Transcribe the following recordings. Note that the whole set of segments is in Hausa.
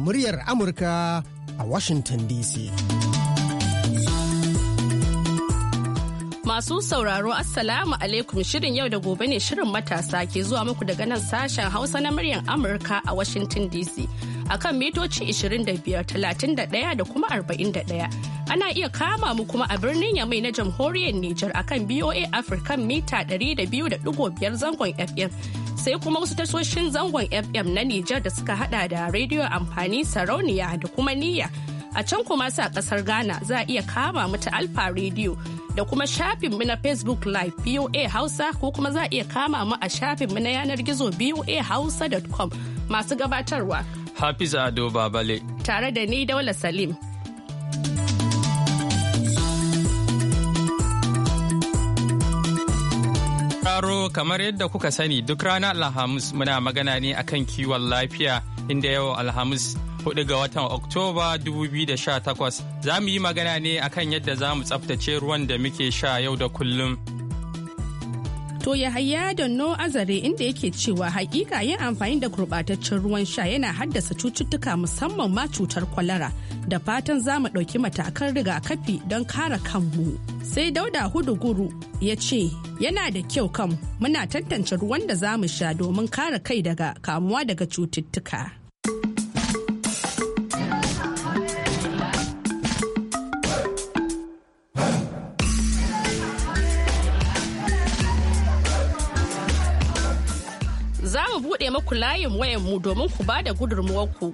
muryar Amurka a Washington DC. Masu sauraro Assalamu alaikum shirin yau da gobe ne shirin matasa ke zuwa muku daga nan sashen Hausa na muryar Amurka a Washington DC. akan mitoci 25, 31 da kuma 41. Ana iya kama mu kuma a birnin Yamai na jamhuriyar Nijar akan BOA afirka mita 200.5 zangon FM sai kuma wasu tashoshin zangon FM na Nijar da suka hada da Radio amfani sarauniya da kuma niyya. A can kuma sa kasar Ghana za a iya kama mu ta Alfa Radio da kuma shafin mu na Facebook Live BOA Hausa ko kuma za a iya kama mu a shafin mu na yanar gizo Hausa.com masu gabatarwa. Hafiza Ado Babale. Tare da ni Daula Salim. sauraro kamar yadda kuka sani duk rana Alhamis muna magana ne akan kiwon lafiya inda yau Alhamis 4 ga watan Oktoba 2018 za mu yi magana ne akan yadda za mu tsaftace ruwan da muke sha yau da kullum. To ya haya da no azare inda yake cewa hakika yin amfani da gurbataccen ruwan sha yana haddasa cututtuka musamman ma cutar kwalara da fatan za mu ɗauki matakan rigakafi don kare kanmu. Sai dauda hudu guru ya ce yana da kyau kan muna tantance ruwan da za mu sha domin kare kai daga kamuwa daga cututtuka. buɗe maku layin wayan mu domin ku ba da ku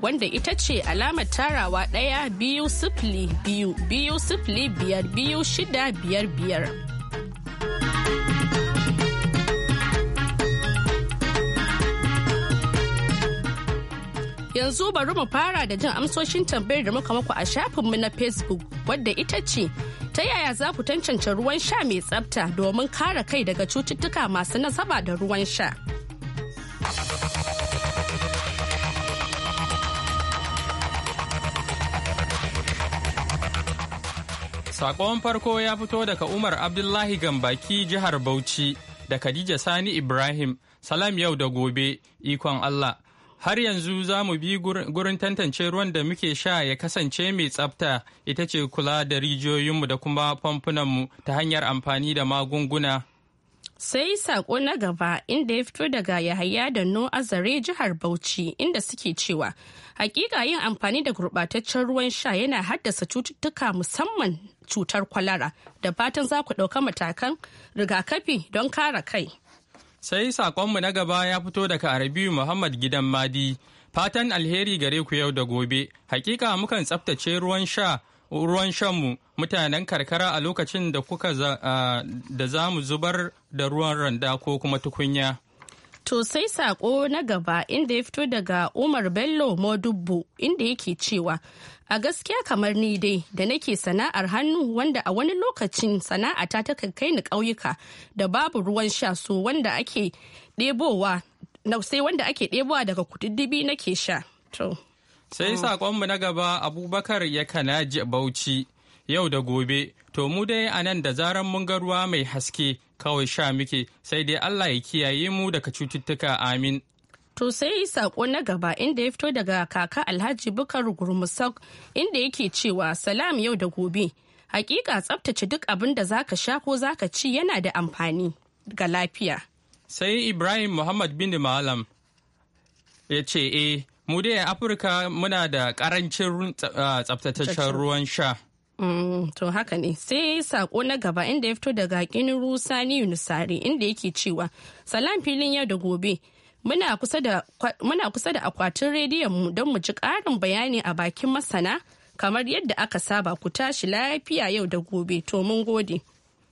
wanda ita ce alamar tarawa ɗaya biyu sifili biyu biyu sifili biyar biyu shida biyar biyar. Yanzu bari mu fara da jin amsoshin tambayar da muka maku a shafinmu na Facebook wadda ita ce ta yaya za ku tantance ruwan sha mai tsafta domin kare kai daga cututtuka masu nasaba da ruwan sha. Sakon farko ya fito daga Umar Abdullahi Gambaki jihar Bauchi da Khadija Sani Ibrahim, salam yau da gobe, ikon Allah. Har yanzu za mu bi gurin tantance ruwan da muke sha ya kasance mai tsafta ita ce kula da rijiyoyinmu da kuma famfunanmu ta hanyar amfani da magunguna. Sai sako na gaba inda ya fito daga Yahaya da No Azare jihar Bauchi inda suke cewa hakika yin amfani da gurɓataccen ruwan sha yana haddasa cututtuka musamman cutar kwalara da fatan za ku ɗauka matakan rigakafi don kare kai. Sai saƙonmu na gaba ya fito daga Arabiyu Muhammad Gidan Madi. Fatan alheri gare ku yau da gobe. Hakika mukan tsaftace ruwan sha ruwan shanmu mutanen karkara a lokacin da kuka da za mu zubar da ruwan randa ko kuma tukunya. To sai saƙo na gaba inda ya fito daga Umar Bello Modubbu inda yake cewa A gaskiya kamar ni dai da nake sana'ar hannu wanda a wani lokacin sana'a ta kai ni ƙauyuka da babu ruwan sha so wanda ake ɗebowa sai wanda ake ɗebowa daga kududdubi nake sha. Sai mm. saƙonmu na gaba Abubakar ya kanaji Bauchi yau da gobe to mu dai a nan da zaran mun ruwa mai haske kawai sha muke sai dai Allah ya kiyaye mu daga cututtuka amin. To sai sako na gaba inda ya fito daga kaka Alhaji Bukar Gurmusak inda yake cewa salam yau da gobe. Hakika tsabtace duk abin da zaka sha ko zaka ci yana da amfani ga lafiya. Sai Ibrahim Muhammad bin Malam ya ce e, mu dai Afirka muna da karancin tsabtataccen ah, ruwan sha. Mm, to haka ne sai sako na gaba inda ya fito daga rusa sani yunusari inda yake cewa salam filin yau da gobe muna kusa da akwatin rediyon mu don mu ji ƙarin bayani a bakin masana kamar yadda aka saba ku tashi lafiya yau da gobe to mun gode.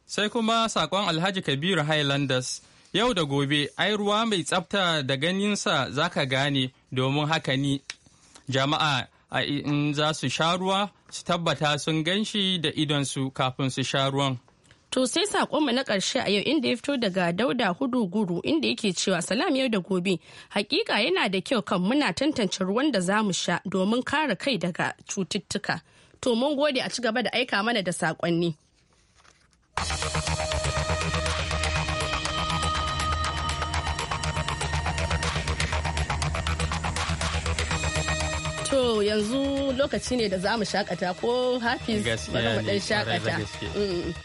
Sai kuma sakon Alhaji Kabiru Highlanders yau da gobe ai ruwa mai tsafta da ganinsa ka gane domin haka ni jama'a a in za su sha ruwa su tabbata sun ganshi da idonsu kafin su sha ruwan. To sai sakonmu na ƙarshe a yau inda ya fito daga Dauda Hudu Guru inda yake cewa salam yau da gobe. Hakika yana da kyau kan muna tantance ruwan da za mu sha domin kare kai daga cututtuka. To mun gode a ci gaba da aika mana da sakonni. yanzu lokaci ne da za mu shakata ko hafiz bari mu ɗan shakata.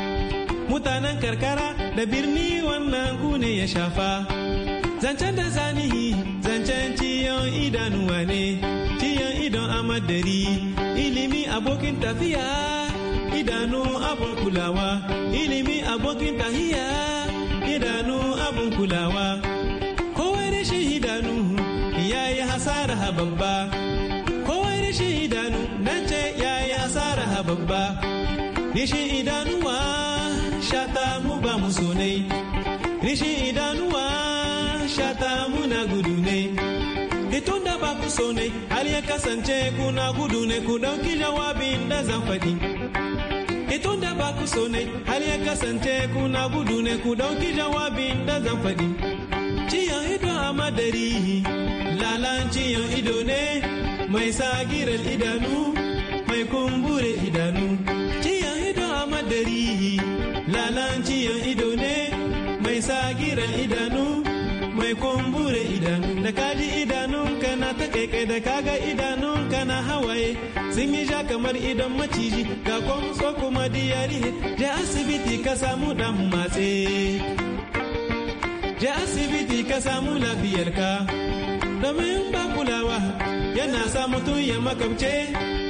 mazaunan karkara da birni wannan gune ya shafa zancen da zanihi zancen ciyon idanuwa ne ciyon idon amadari ilimi abokin tafiya idanu abun kulawa ilimi abokin tahiya idanu abun kulawa kowai shi idanu ya yi hasara hababba, kowai shi idanu nan ce ya yi hasara babba rashin idanuwa shata mu ba mu sonai ne rishin idanuwa shata muna gudu ne itun da ba ku sonai ne hal ya kasance kuna gudu ne ku dauki jawabin da zan faɗi itun da ba ku sonai ne hal ya kasance kuna gudu ne ku dauki jawabin da zan faɗi ciyan ido a madari lalan ciyan ido ne mai sagirar idanu mai kumbure idanu ciyan ido a madari lalan ido ne mai sagira idanu mai kumbure idanu da kaji idanu kana ta keke da kaga idanu kana hawaye sun yi ja kamar idan maciji ga kwamso kuma diyari je asibiti ka samu dan matse je asibiti ka samu lafiyarka domin ba kulawa yana sa mutum ya makamce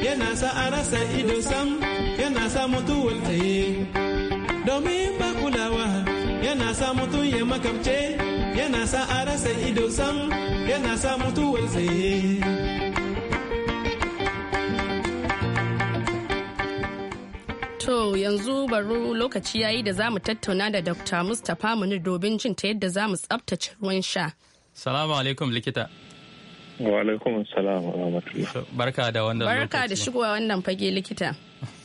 yana sa a rasa ido sam yana sa mutuwar tsaye domin ba kulawa yana sa mutum ya makamce yana sa a rasa ido sam yana sa mutuwar tsaye To yanzu baro lokaci yayi da za mu tattauna da Dr. Mustapha Munir domin jin ta yadda za mu tsabtace ruwan sha. Salamu alaikum likita. Wa alaikum salam wa rahmatullah. Barka da wannan Barka da shigowa wannan fage likita.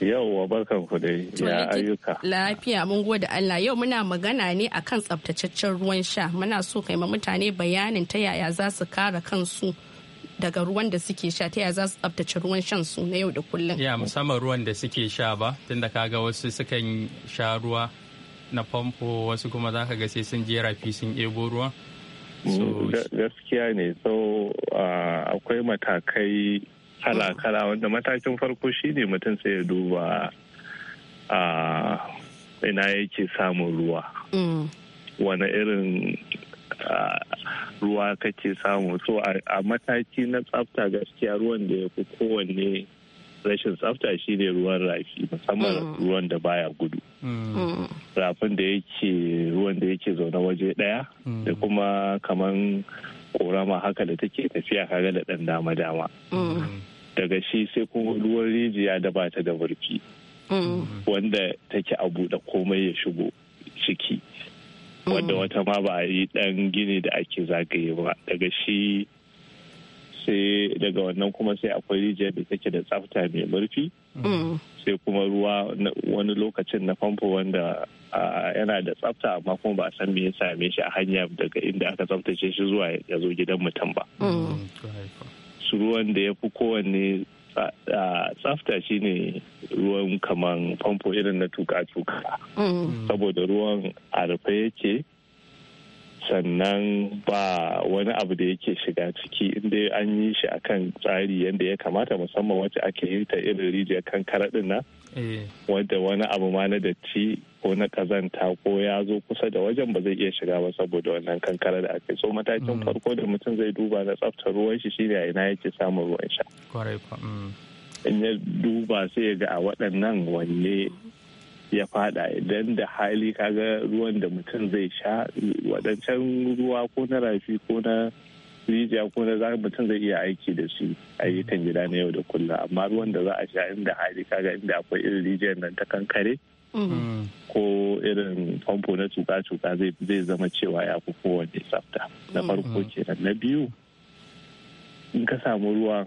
Yau wa barkan ku dai ya ayyuka. Lafiya mun gode Allah yau muna magana ne akan tsaftataccen ruwan sha muna so kai ma mutane bayanin ta yaya za su kare kansu daga ruwan da suke sha ta yaya za su tsabtace ruwan shan su na yau da kullum. Ya musamman ruwan da suke sha ba tunda kaga wasu sukan sha ruwa na famfo wasu kuma za ka ga sai sun je rafi sun ebo ruwa mm, Gaskiya ne so ah, akwai matakai kala-kala wanda matakin farko shine mutum sai ya duba a ina yake samun ruwa mm. wani irin ruwa kake samu so a mataki na tsafta gaskiya ruwan da ya fi kowanne rashin tsafta shi ne ruwan rafi musamman mm. ruwan da baya gudu mm. rafin da yake ruwan da yake zaune waje daya da kuma kaman korama haka da take tafiya kaga da dan dama dama daga shi sai kuma ruwan rijiya da ba ta da burki mm. wanda take a buɗe komai ya shigo ciki mm. wanda wata ma ba a yi ɗan gini da ake zagaye ba daga shi sai daga wannan kuma sai akwai rijiyar da take da tsafta mai murfi mm. sai kuma ruwa wani lokacin na famfo wanda yana da tsafta amma kuma ba a san me ya same shi a hanya daga inda aka tsaftace shi zuwa ya zo gidan mutum ba su ruwan da ya fi kowanne tsafta shi ne ruwan kamar famfo irin na tuka-tuka mm. saboda ruwan a rufe yake sannan ba wani abu da yake shiga ciki inda an yi shi akan tsari yadda ya kamata musamman wacce ake yi ta irin rijiyar kan din nan eh. wadda wani abu ma na datti ko na kazanta ko ya zo kusa da wajen ba zai iya shiga ba saboda wannan kankara da ake so matakin mm. farko da mutum zai duba na tsaftar ruwan shi shine a ina yake samun ruwan sha mm. in ya duba sai ya ga a waɗannan wanne ya fada idan da hali kaga ruwan da mutum zai sha waɗancan ruwa ko na rafi ko na rijiya ko na za mutum zai iya aiki da su ayyukan gida na yau da kullum amma ruwan da za a sha inda hali kaga inda akwai irin rijiyar nan ta kankare mm-hmm. ko irin famfo na cuka-cuka zai zama cewa ya fi kowane tsafta na mm-hmm. farko kenan na biyu in ka samu ruwa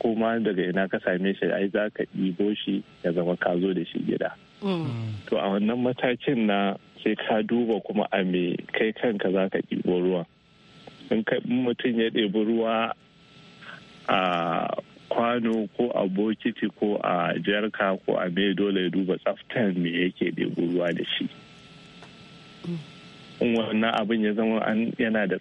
ko ma daga ina ka same shi ai za ka ɗibo shi ya zama ka zo da shi gida to a wannan matakin na sai ka duba kuma a me kai kanka za ka ɗibo ruwa in mutum ya ɗebi ruwa a kwano ko a bokiti ko a jarka ko a me dole ya duba tsaftan me yake ɗebi ruwa da shi in wannan abin ya zama yana da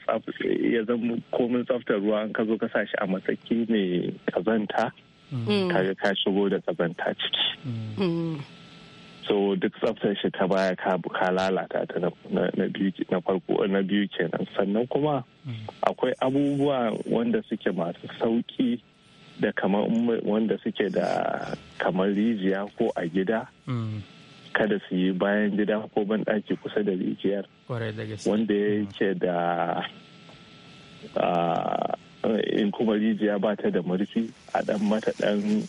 ya zama komin tsaftar ruwa an ka zo ka sa shi a matsaki mai kazanta mm. kaga ka shigo da kazanta ciki mm. Mm. so duk tsaftar shi ta baya ka lalata ta na farko na biyu kenan sannan kuma mm. akwai abubuwa wanda suke masu sauki da kamar wanda suke da kamar rijiya ko a gida mm. kada su yi bayan gida ko ban ɗaki kusa da rijiyar wanda mm. yake da ah, in kuma rijiya ba ta da murfi a dan mata dan.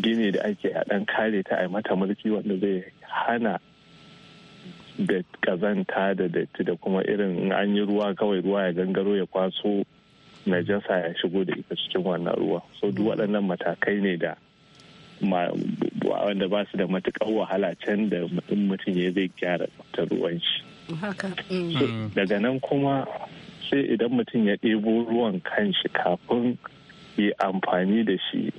gini da ake a ɗan kare ta a mata mulki wanda zai hana da kazanta da datti da kuma irin an yi ruwa kawai ruwa ya gangaro ya kwaso najasa ya shigo da ita cikin wannan ruwa so duk mm. waɗannan matakai ne da wanda ba su da matuƙar wahala can da mutum ya zai gyara ta ruwan shi eh. mm. daga nan kuma sai idan mutum ya ɗebo ruwan kan shi kafin yi amfani da shi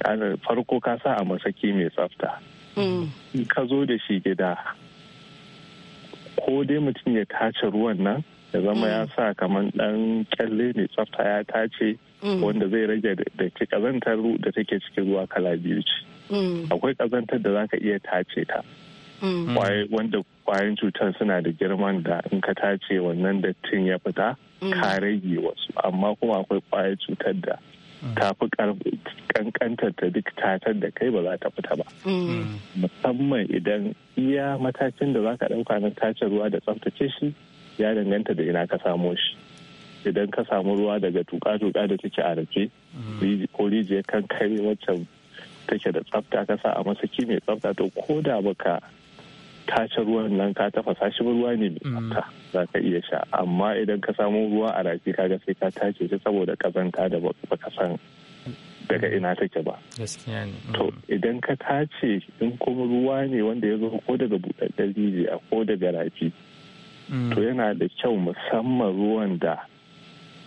farko ka sa a masaki mai tsafta hmm. ka zo da shi gida ko dai mutum ya tace ruwan nan ya zama ya hmm. sa kamar dan kyalle mai tsafta ya tace hmm. wanda zai rage da ke kazantar da take cikin ruwa kala biyu ce akwai kazantar da zaka iya tace ta wanda kwayan cutar suna da girman da in ka tace wannan dattin ya fita ka rage wasu amma kuma akwai kwayar cutar da ta fi kankanta ta duk tatar da kai ba za ta fita ba mm. musamman idan iya matakin da za ka ɗauka na tace ruwa da tsaftace shi ya danganta da ina ka samo shi idan ka samu ruwa daga tuka-tuka da take a rake mm. ko rijiyar kan kare take da tsafta ka sa a masaki mai tsafta to ko da baka tace ruwan nan ka tafasa shi ruwa ne mai mm. tsafta za ka iya sha amma idan ka samu ruwa a rafi kaga sai ka tace shi saboda kazanta da baka san daga ina take ba mm. to idan ka tace in kuma ruwa ne wanda ya zo ko daga buɗaɗɗen rijiya ko daga rafi mm. to yana da kyau musamman ruwan da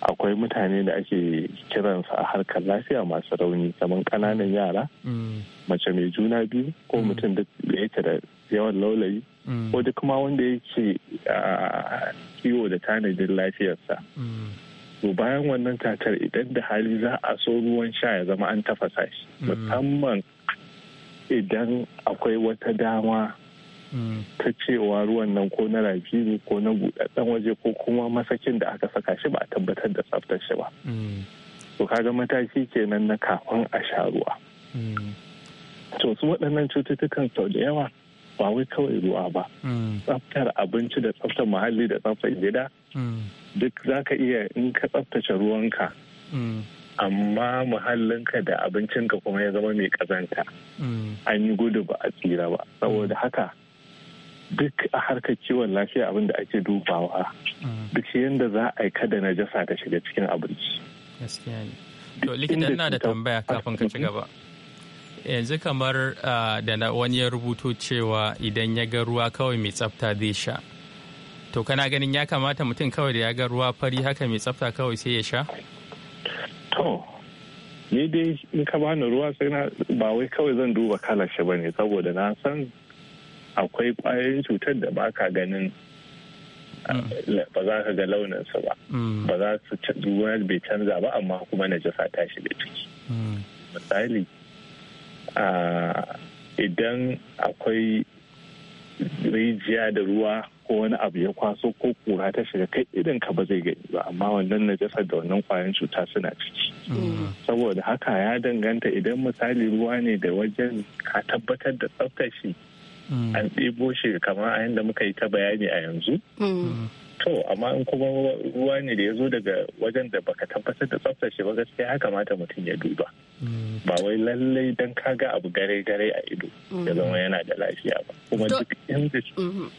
akwai mutane da ake kiransa a harkar lafiya masu rauni kamar kananan yara mm. mace mai juna biyu ko mm. mutum da yake da yawan laulayi mm. ko duk ma wanda yake kiwo da tanadin lafiyarsa to bayan wannan tatar idan da hali za a so ruwan sha ya zama an tafasa shi musamman idan akwai wata dama ta cewa ruwan nan ko na rafi ne ko na buɗaɗɗen waje ko kuma masakin da aka saka shi ba a tabbatar da tsaftar shi ba to kaga mataki kenan na kafin a sha ruwa to su waɗannan cututtukan sau da yawa ba wai kawai ruwa ba tsaftar abinci da tsaftar muhalli da tsaftar gida duk za ka iya in ka tsaftace ruwanka amma muhallinka da abincinka kuma ya zama mai kazanta an yi gudu ba a tsira ba saboda haka duk a harkar kiwon lafiya abin da ake dubawa mm. duk shi yadda za a yi kada najasa ta shiga cikin abinci. Gaskiya ne. To likita ina da tambaya kafin ka ci gaba. Yanzu kamar ah, da wani ya rubuto cewa idan ya ga ruwa kawai mai tsafta zai sha. To kana ganin ya kamata mutum kawai da ya ga ruwa fari haka mai tsafta kawai sai ya sha? To, ni dai in ka bani ruwa sai na ba wai kawai zan duba kalar shi bane saboda na san akwai kwayoyin cutar da ba ka ganin ah, hmm. ba za ka ga launinsa ba hmm. ba za su ruwa bai canza ba amma kuma na najasa ta shiga ciki hmm. misali ah, idan akwai rijiya da ruwa ko wani abu ya kwaso ko kura ta shiga kai irin ka ba zai gani ba amma wannan najasar da wannan kwayan cuta suna ciki saboda haka ya danganta idan misali ruwa ne da wajen ka tabbatar da tsaftar shi Mm. an ɗebo shi kamar a yadda muka yi ta bayani a yanzu mm. to amma in kuma ruwa ne da ya zo daga wajen da baka tabbatar da tsaftar shi ba gaskiya ya kamata mutum ya duba mm. ba wai lallai ka kaga abu gare gare a ido ya zama yana da lafiya ba kuma duk inda mm-hmm.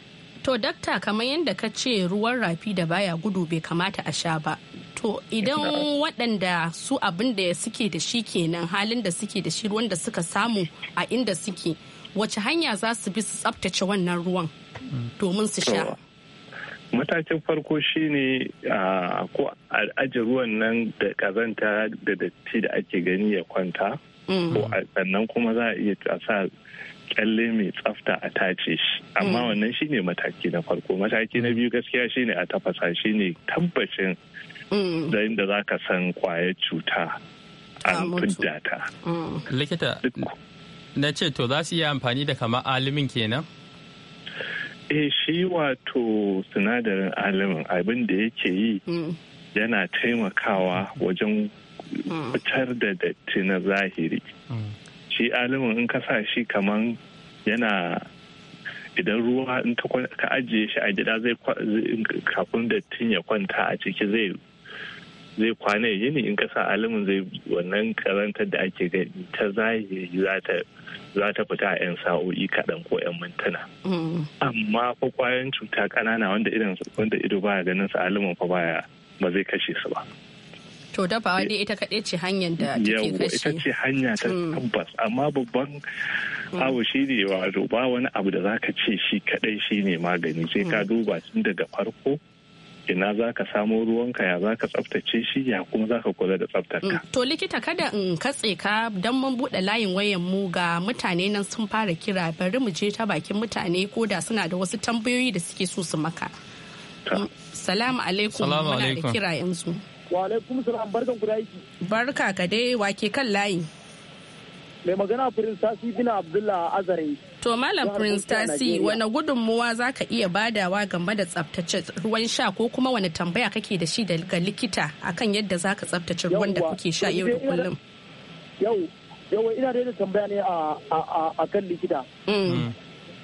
to dakta kamar yadda ka ce ruwan rafi da baya gudu bai kamata a sha ba to idan waɗanda su abin da suke da shi kenan halin da suke da shi ruwan da suka samu a inda suke wace hanya za su bi su tsabtace wannan ruwan domin su sha matakin farko shine ko aje ruwan nan da kazanta da datti da ake gani ya kwanta mm. ko sannan kuma za a iya sa kyalle mai tsafta a tace shi amma mm. wannan shine mataki na farko mataki na biyu gaskiya shine a tafasa shine tabbacin mm. da inda za ka san kwayar cuta an fidda ta likita na ce to za su iya amfani da kama alimin kenan eh shi wato sinadarin alimin abin da yake yi mm. yana taimakawa wajen mm. fitar da datti na zahiri mm. shi alimin in kasa shi kaman yana idan ruwa in ka ajiye shi a gida zai kafin dattin ya kwanta a ciki zai zai kwana ya yini in kasa alamun zai wannan karanta da ake gani ta zahiri za ta fita a 'yan sa'o'i kaɗan ko 'yan mintuna. Mm. Amma fa kwayan cuta ƙanana wanda idan wanda ido baya ganin sa alamun fa baya ba zai kashe su ba. To dabawa dai ita kaɗai ce hanyar da take kashe. ita ce hanya ta mm. tabbas amma babban mm. abu shi ne wato ba wani abu da zaka ce shi kaɗai shi ne magani sai ka duba tun daga farko. ina za ka samo ruwanka ya za ka tsaftace shi ya kuma za ka kula da tsaftar ka. Mm, to likita kada in katse ka don mun buɗe layin wayan mu ga mutane nan sun fara kira bari mu je ta bakin mutane ko da suna da wasu tambayoyi da suke so su maka. Mm, salamu alaikum muna da kira yanzu. Wa alaikum salam barkan ku da aiki. Barka ka dai wa ke kan layi. mai magana prince tasi bin abdullah azare to malam prince tasi wani gudunmuwa za ka iya badawa game da tsabtace ruwan sha ko kuma wani tambaya kake da shi daga likita akan yadda za ka tsabtace ruwan da kuke sha yau da kullum yau yau ina da tambaya ne a kan likita mm. Mm.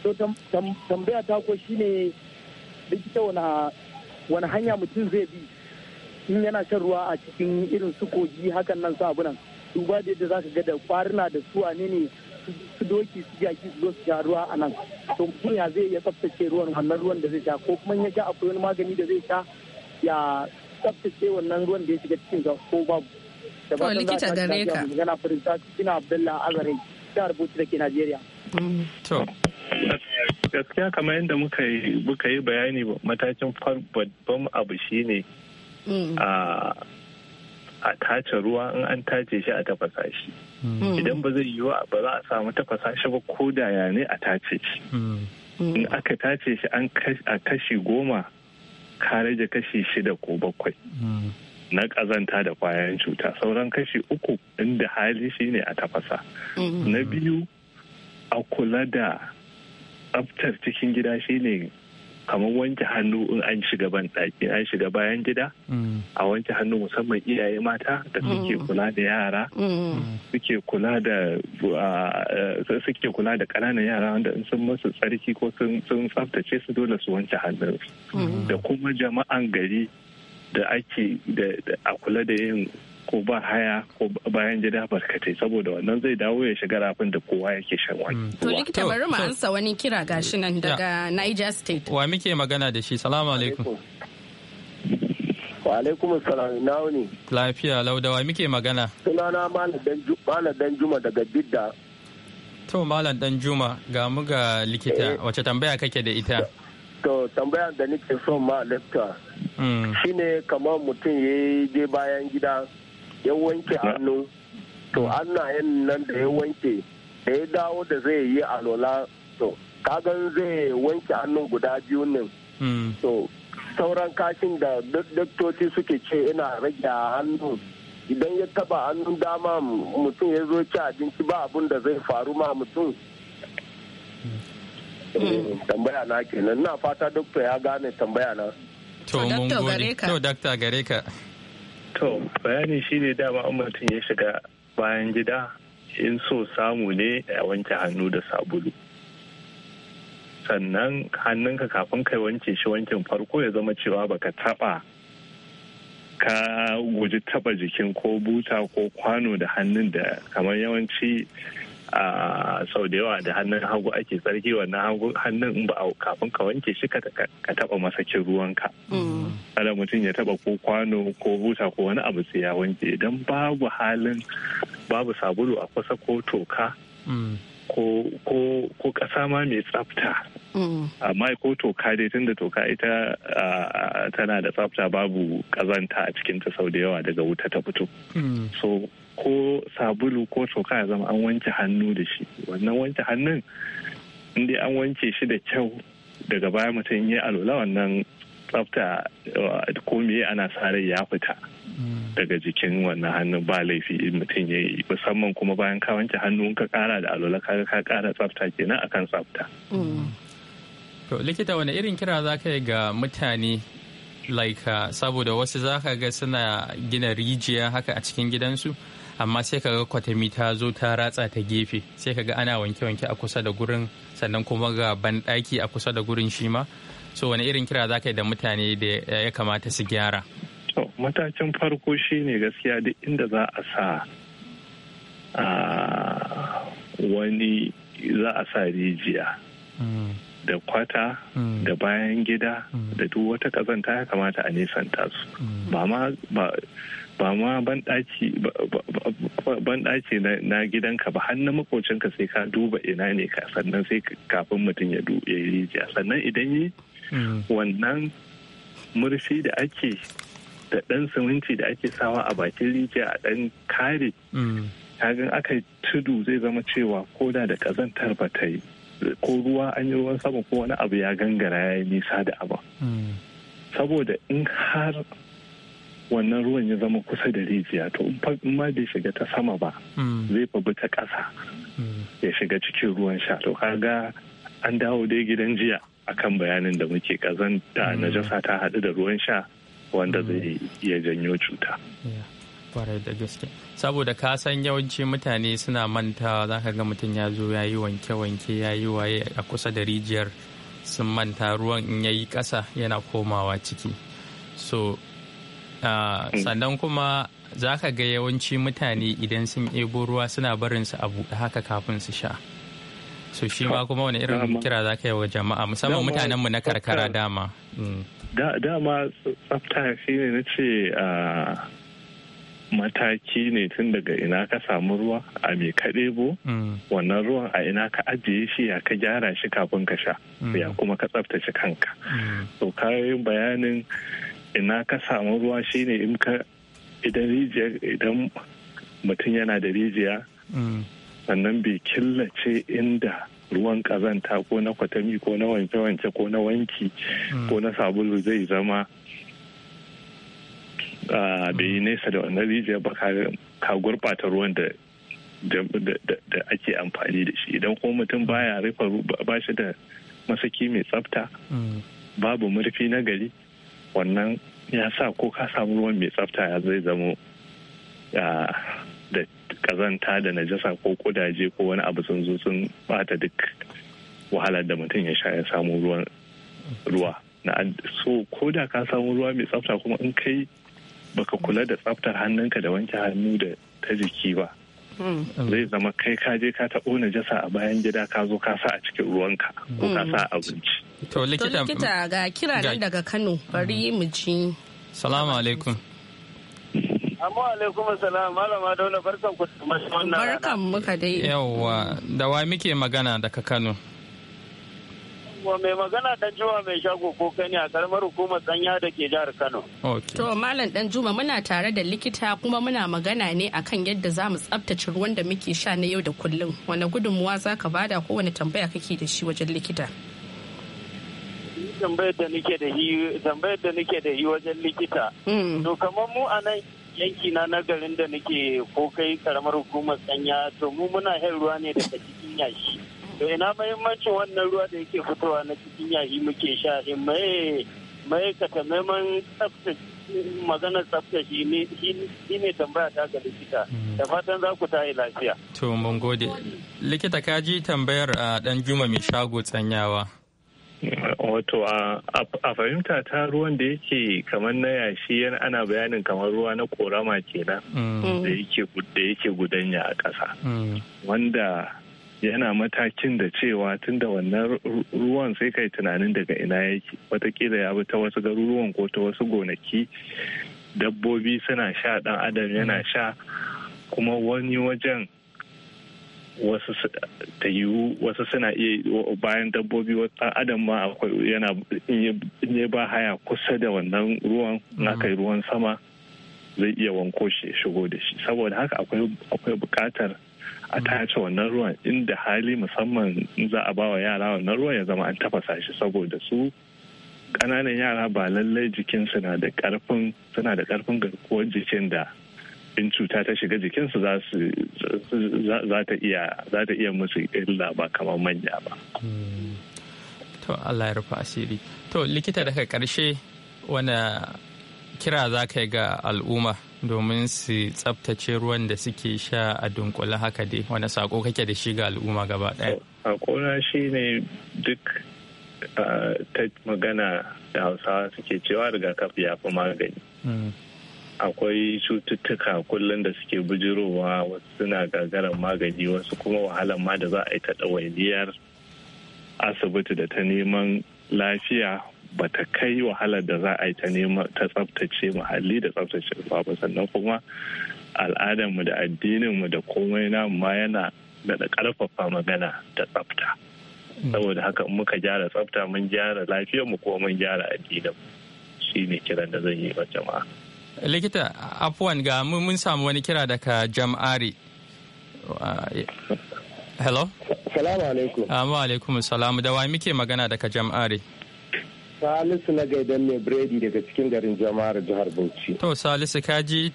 to tambaya ta ko shine likita wani hanya mutum zai bi in yana shan ruwa a cikin irin su kogi hakan nan sabunan. duba da yadda ka ga da kwarina da su ne ne su doki su jaki su zo su sha ruwa a nan to mutum ya zai ya tsaftace ruwan wannan ruwan da zai sha ko kuma ya sha akwai wani magani da zai sha ya tsaftace wannan ruwan da ya shiga cikin ga ko babu da ba likita gare ka magana farin ta kina abdullahi azare jihar bauchi da ke najeriya mm. to gaskiya kamar yadda muka yi bayani matakin babban abu shine mm. a a tace ruwa in an tace shi a tafasa shi hmm. idan ba zai yiwu ba za a samu tafasa shi ba ko da ya ne a tace shi hmm. in aka tace shi an a kashi goma ka rage kashi shida ko bakwai hmm. na kazanta da kwayan cuta sauran kashi uku inda hali ne a tafasa na biyu a kula da tsaftar cikin gida shine kamar wanke hannu in an shiga ban ɗaki an shiga bayan gida mm. a wanke hannu musamman iyaye mata da suke mm. kula da yara mm. suke kula da suke kula da ƙananan yara wanda in sun masu tsarki ko sun tsaftace su dole su wanke hannun da kuma jama'an gari da ake a kula da yin ko ba haya ko bayan gida barkatai saboda wannan zai dawo ya shiga rafin da kowa yake shan wani. Mm, to likita bari mu ansa wani kira gashi nan daga Niger State. Wa muke magana da shi salamu alaikum. Wa alaikum salam na wuni. Lafiya wa muke magana. Sunana Malam Dan Juma daga Bidda. To Malam Dan Juma ga mu ga likita eh. wace tambaya kake da ita? To tambaya da nake son ma mm. Shi ne kamar mutum ya je bayan gida. ya wanke hannu to mm. hannayen nan da ya wanke da ya dawo da zai yi alola to kagan zai wanke hannu guda biyu ne mm. to sauran kashin da daktoci suke ce ina rage hannu idan ya taba hannun dama mutum ya zo ci abinci ba abun da zai faru ma mutum mm. eh, tambaya na kenan na fata dokta ya gane tambaya na to mun gare ka To, bayani shi ne dama an mutum ya shiga bayan gida in so samu ne a wanke hannu da sabulu. Sannan hannunka kafin kai wanke shi wankin farko ya zama cewa baka taba ka guji taba jikin ko buta ko kwano da hannun da kamar yawanci a sau da yawa da hannun hagu ake tsarki wannan hannun in ba kafin ka wanke shi ka taba masakin cin ruwanka mm. kada mutum ya taba ko kwano ko buta ko wani abu sai ya wanke idan babu halin babu sabulu a kusa ko toka mm. ko ƙasa ma mai tsafta mm. amma ko toka dai tunda toka ita tana da tsafta babu ƙazanta a cikinta sau da yawa daga wuta ta fito so ko sabulu ko toka ya zama an wanke hannu da shi wannan wanke hannun inda an wanke shi da kyau daga baya mutum ya alola wannan tsafta uh, ko me ana sare ya fita daga jikin wannan hannun ba laifi mutum ya yi musamman kuma bayan ka wanke hannun ka kara da alola ka kara tsafta kenan akan tsafta mm. to likita wani irin kira za ka yi ga mutane like uh, saboda wasu za ka ga suna gina rijiya haka a cikin gidansu amma sai kaga kwatami ta zo ta ratsa ta gefe sai kaga ana wanke-wanke a kusa da gurin sannan kuma ga banɗaki a kusa da gurin shi ma so wani irin kira za ka yi da mutane da ya kamata su gyara to matakin farko shine gaskiya duk inda za a sa wani za a sa rijiya mm. da kwata mm. da bayan gida mm. da duk wata kazanta ya kamata a nisan su ba ma banɗaci na gidanka ba har na makocinka sai ka duba ina ne ka sannan sai kafin mutum ya yi rijiya sannan idan yi mm. wannan murfi da ake da ɗan siminti da ake sawa a bakin rijiya a ɗan kare mm. kagan aka tudu zai zama cewa koda da kazantar ba ta yi ko ruwa an yi ruwan sama ko wani abu ya gangara ya yi nisa da abu mm. saboda in har wannan ruwan ya zama kusa da rijiya to in ma bai shiga ta sama ba hmm. zai fabi ta ƙasa ya shiga cikin ruwan sha to kaga an dawo dai gidan jiya akan bayanin da muke kazanta hmm. na jasa ta haɗu da ruwan sha wanda hmm. zai iya janyo cuta. kwarai da gaske saboda ka san yawanci mutane suna mantawa za ka ga mutum ya zo ya yi wanke-wanke ya yi waye a kusa da rijiyar sun manta ruwan in ya yi ƙasa yana komawa ciki so Mm. sannan kuma za ka ga yawanci mutane idan sun ebo ruwa suna barin su a buɗe haka kafin su sha so shi ma kuma wani irin kira za ka yi wa jama'a musamman mutanen mu na karkara dama mm. dama tsafta shi ne na ce mataki ne tun daga ina ka samu ruwa a mai ka ɗebo mm. wannan ruwan a ina ka ajiye shi ya ka gyara shi kafin ka sha ya kuma ka tsaftace kanka so kayan bayanin ina ka samu ruwa shine in ka idan rijiya idan mutum yana da rijiya mm. sannan bai killace inda ruwan kazanta ko na kwatami ko na wanke-wanke ko na wanki mm. ko na sabulu zai zama bai yi nesa da wannan rijiyar ba ka gurbata ruwan da da ake amfani da shi idan ko mutum baya rufe ba shi da masaki mai tsafta mm. babu murfi na gari wannan ya sa ko ka samu ruwan mai tsafta ya zai zamo da kazanta da najasa ko kudaje ko wani abu sun zo sun bata duk wahala da mutum ya sha ya samu ruwan ruwa na so ko da ka samu ruwa mai tsafta kuma in kai baka kula da tsaftar hannunka da wanke hannu da ta jiki ba zai zama kai ka je ka ona jasa a bayan gida ka zo ka sa a cikin ruwanka ko ka sa abinci. To likita ga kira nan daga Kano bari mu ji. Salamu alaikum. Amma alaikum salam malama daula barkan ku wannan. Barkan muka dai. Yawwa da wa muke magana daga Kano? kuma mai magana dan juma mai shago ko kani a karamar hukumar sanya da ke jihar Kano. To malam dan juma muna tare da likita kuma muna magana ne akan yadda za mu tsaftace ruwan da muke sha na yau da kullum. Wani gudunmuwa za ka bada ko wani tambaya kake da shi wajen likita? Tambayar da nake da shi wajen likita. Hmm. To kamar mu a nan yanki na na garin da nake ko kai karamar hukumar sanya to mu muna shan ruwa ne daga cikin yashi. to ina mahimmancin wannan ruwa da yake fitowa na cikin yayi muke sha in mai mai ka tamaman magana tsaftace shi ne tambaya ta ga likita mm. da fatan za ku tayi lafiya to mun gode likita ka ji tambayar a dan juma mai shago tsanyawa wato a fahimta ta ruwan da yake kamar na yashi yana ana bayanin kamar ruwa na korama kenan mm. da yake gudanya a ƙasa mm. wanda yana matakin da cewa tun da wannan ruwan sai kai tunanin daga ina yake watakila ya bi ta wasu garuruwan ko ta wasu gonaki dabbobi suna sha dan adam yana sha kuma wani wajen wasu ta yiwu wasu suna iya bayan dabbobi wata adam ma akwai yana in ba haya kusa da wannan ruwan aka ruwan sama zai iya wanko shi shigo da shi saboda haka akwai bukatar a mm. tace wannan ruwan inda hali musamman za a ba wa yara wannan ruwan ya zama an tafasa shi saboda su ƙananan yara ba lallai jikin da karfin suna da ƙarfin garkuwar jikin da in cuta ta shiga jikinsu za ta iya musu illa ba kamar manya ba. Mm. To Allah ya rufa asiri. To likita daga ƙarshe wani kira za ka ga al'umma domin su tsabtace ruwan da suke sha a dunkule haka dai wani sako kake da shi ga al'umma gaba ɗaya sakona shi ne duk ta magana da hausawa suke cewa rigakafi ya fi magani mm. akwai cututtuka kullum da suke bujirowa wasu suna gagarar magani wasu kuma wahalar ma da za a yi ta ɗawainiyar asibiti da ta neman lafiya ba ta kai wahalar da za a yi ta nema ta tsabtace muhalli da tsabtace ruwa ba sannan kuma al'adarmu da addininmu da komai na ma yana da ƙarfafa magana da tsafta mm. saboda haka in muka gyara tsafta mun gyara lafiyarmu kuma mun gyara addinin shi ne kiran da zan yi wa jama'a likita afuwan ga mun samu wani kira daga jam'ari uh, hello salamu alaikum salamu ah, alaikum salamu da wa muke magana daga jam'ari Salisu na gaidan mai biredi daga cikin garin jama'ar jihar Bauchi. To Salisu ka ji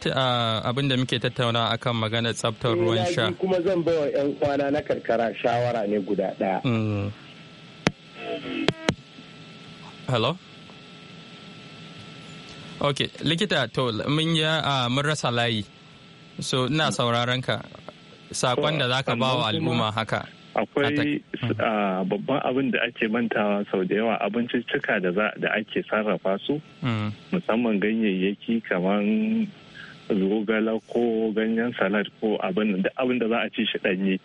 abin da muke tattauna akan magana tsaftar eh, ruwan sha. kuma zan baiwa 'yan kwana na karkara shawara ne guda ɗaya. Mm. Hello? Ok, likita to mun ya mun rasa layi. So ina sauraron ka. Sakon da zaka ba wa al'umma haka. akwai mm. ah, babban abin da ake mantawa sau da yawa abinciccika da ake sarrafa su mm. musamman ganyayyaki kamar zogala ko ganyen salad ko abin da za a ci shi ɗanye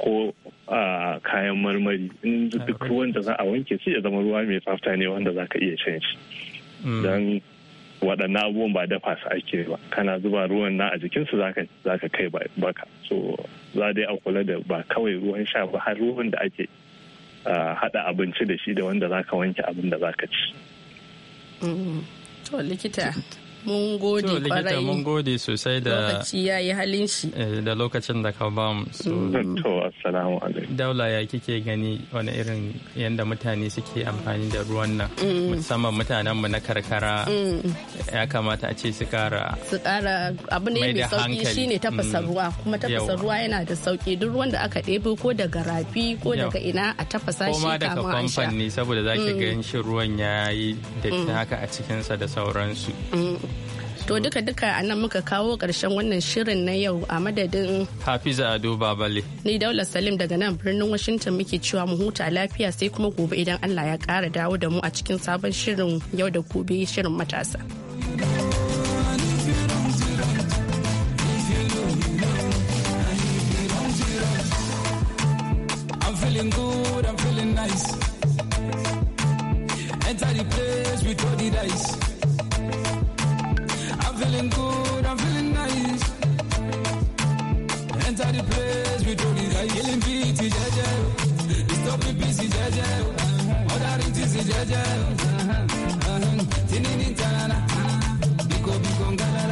ko ah, kayan marmari in duk wanda za a wanke shi ya zama ruwa mai tsafta ne wanda za ka iya shan shi mm. don waɗannan abubuwan ba dafa su ake ba kana zuba ruwan na a jikinsu za ka kai baka so za dai a kula da ba kawai ruwan sha ba har ruwan da ake haɗa abinci da shi da wanda za ka wanke abin da za ka ci. Mm-hmm. to likita mun gode kwarai mun gode sosai da lokaci ya yi halin shi eh, da lokacin da ka ba mu so mm. to assalamu alaikum daula ya kike gani wani irin yanda mutane suke amfani da ruwan nan mm. musamman mutanen mu na karkara mm. ya kamata a ce su kara su kara abu ne mai sauki shine tafasa ruwa kuma tafasa ruwa yana da sauki duk ruwan da aka ɗebo ko daga rafi ko daga ina a tafasa shi kama a sha saboda zaki ganin shi ruwan ya yi da haka a cikinsa da sauransu to duka duka a nan muka kawo ƙarshen wannan shirin na yau a madadin hafiza ado babale ni daula salim daga nan birnin washington muke cewa mu huta lafiya sai kuma gobe idan allah ya kara dawo da mu a cikin sabon shirin yau da gobe shirin matasa nice. feeling good, I'm feeling nice. Enter the place with all these eyes. Killing pity, jaja. Stop the busy, jaja. Other it is, jaja. Tinin intana. Biko, biko, ngalala.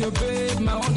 your babe, my own